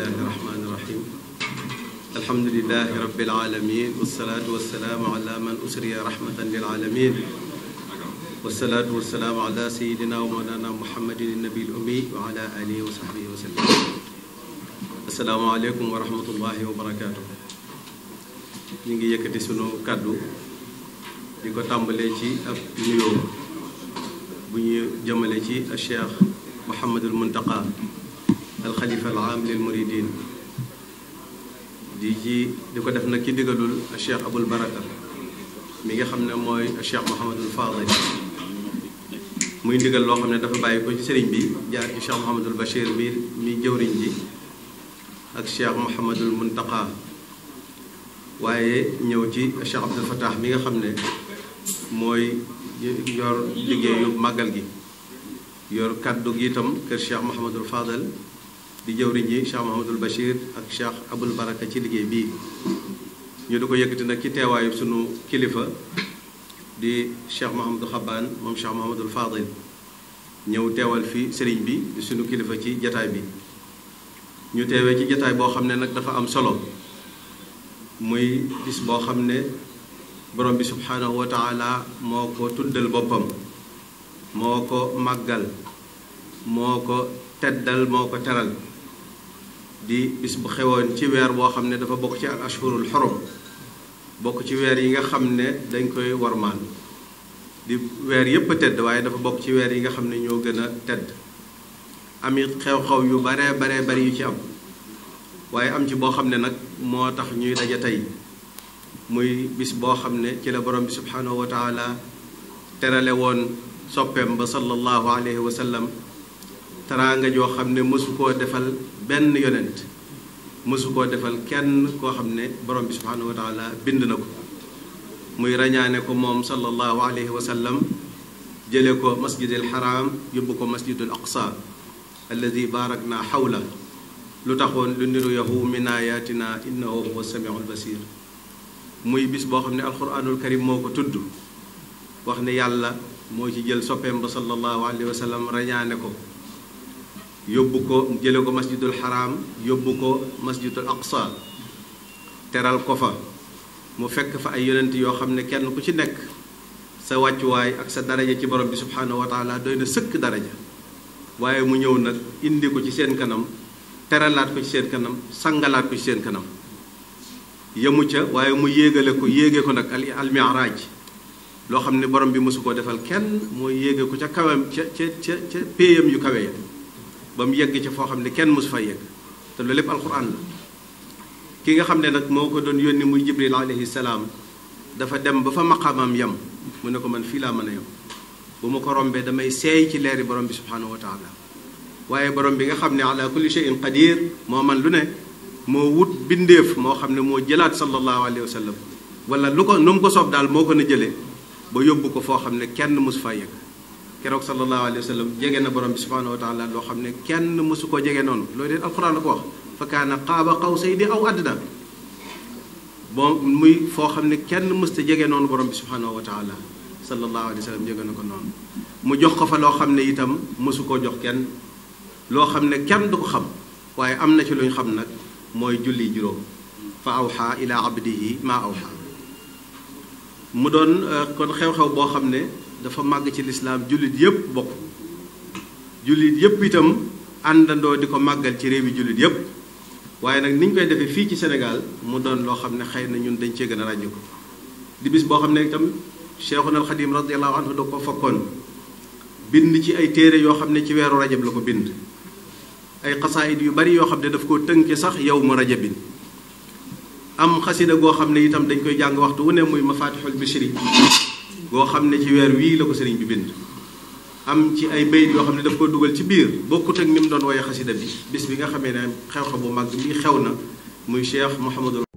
bismillahi irrahmani irrahim alhamdulilahi rabbil alamin wasalaatu wasalaamu ala man usriya rahmatan lil alamin wasalaatu wasalaamu ala sayidina wa mawlana muhammadin nabil ummi wa ala alihi wa sahbihi wa sallam asalaamu aleykum wa rahmatullahi wa barakaatu ñu ngi yëkkati sunu kàddu di ko tàmbalee ci ab nuyoo bu ñu jëmale ci Cheikh Mouhamadul Muntaqa alxalifa al aam lil muridin di ci di ko def nag ki digalul cheikh abul baraka mi nga xam ne mooy cheikh mohamadul fadil muy ndigal loo xam ne dafa bàyyi ko sëriñ bi jaar ci cheikh mohamadul bachir mi mi jëwriñ ji ak cheikh mohamadul muntaqa waaye ñëw ci cheikh abdul fatah mi nga xam ne mooy yor liggéeyu màggal gi yor kàddu gi itam kër cheikh mohamadul fadil di jëwriñ ji Cheikh Mahamadul Bachir ak Cheikh Abul Baraka ci liggéey bi ñu du ko yëkkati nag ci teewaayu sunu kilifa di Cheikh Mahamadou Xabaan moom Cheikh Mahamadul Fadil ñëw teewal fi sëriñ bi di sunu kilifa ci jataay bi ñu teewee ci jataay boo xam ne nag dafa am solo muy bis boo xam ne borom bi subhaanahu wa moo ko tuddal boppam moo ko màggal moo ko teddal moo ko teral di bis bu xewoon ci weer boo xam ne dafa bokk ci al ashhurul xurum bokk ci weer yi nga xam ne dañ koy warmaan di weer yépp a tedd waaye dafa bokk ci weer yi nga xam ne ñoo gën a tedd am it xew-xew yu baree baree bari yu ci am waaye am ci boo xam ne nag moo tax ñuy daje tey muy bis boo xam ne ci la borom bi subhanahu wa taala terale woon soppeem ba sallallahu alayhi wa sallam taraanga joo xam ne mësu koo defal benn yonent mësu koo defal kenn koo xam ne borom bi subhaanahu wa bind na ko muy rañaane ko moom sallallahu alayhi wa jële ko masjidil haram yóbbu ko masjidul aqsa alladi baarak naa xawla lu taxoon lu niru yahu min ayatina innahu huwa samiul basir muy bis boo xam ne alquranul karim moo ko tudd wax ne yàlla moo ci jël soppeem ba sallallahu alayhi wa sallam rañaane ko yóbbu ko jële ko masjidul xaraam yóbbu ko masjidul aqsa teral ko fa mu fekk fa ay yonent yoo xam ne kenn ku ci nekk sa wàccuwaay ak sa daraja ci borom bi subhaanahu wa taala doy na sëkk daraja waaye mu ñëw nag indi ko ci seen kanam teralaat ko ci seen kanam sàngalaat ko ci seen kanam yemu ca waaye mu yéegale ko yéege ko nag al miraaj loo xam ne borom bi mosu koo defal kenn mooy yéege ko ca kawam ca ca ca ca péeyam yu kawe ya ba mu yegg ca foo xam ne kenn mosu fay yegg te loolu lépp alquran la ki nga xam ne nag moo ko doon yónni muy jibril alayhi salaam dafa dem ba fa maqaamam yem mu ne ko man fii laa mën a yem bu ma ko rombee damay seey ci leeri borom bi subhanahu wa taala waaye borom bi nga xam ne ala kulli shay'in qadir moo man lu ne moo wut bindeef moo xam ne moo jëlaat sallallahu alayhi wa sallam wala lu ko nu mu ko soob daal moo ko na jëlee ba yóbbu ko foo xam ne kenn mosu faa yegg keroog sallallahu alayhi wa sallam jege na borom bi subhanahu wa taala loo xam ne kenn mësu koo jege noonu loolu leen alquran la ko wax fa kaana qaaba di aw adnaa bon muy foo xam ne kenn mësta jege noonu borom bi subhanahu wa taala sallallahu alayhi wa sallam jege na ko noonu mu jox ko fa loo xam ne itam mësu koo jox kenn loo xam ne kenn du ko xam waaye am na ci lu xam nag mooy julli juróom fa awxaa ila abdihi ma awxaa mu doon euh, kon xew-xew boo xam ne dafa màgg ci lislaam jullit yëpp bokk jullit yëpp itam àndandoo di ko màggal ci réew yi jullit yëpp waaye nag ni ñu koy defee fii ci Sénégal mu doon loo xam ne xëy na ñun dañ cee gën a ràññiku di bis boo xam ne itam Cheikhuna al Xadim radiyallahu anhu da ko fakkoon bind ci ay téere yoo xam ne ci weeru rajab la ko bind ay xasaayit yu bari yoo xam ne daf koo tënke sax yow mu rajabin am xasida goo xam ne itam dañ koy jàng waxtu wu ne muy mafatixul bishri goo xam ne ci weer wii la ko sëriñ bi bind am ci ay bayit yoo xam ne daf ko dugal ci biir boo bokkut ak ni mu doon woye xasida bi bis bi nga xamee ne xew-xew bu mag bii xew na muy Cheikh Mouhamadul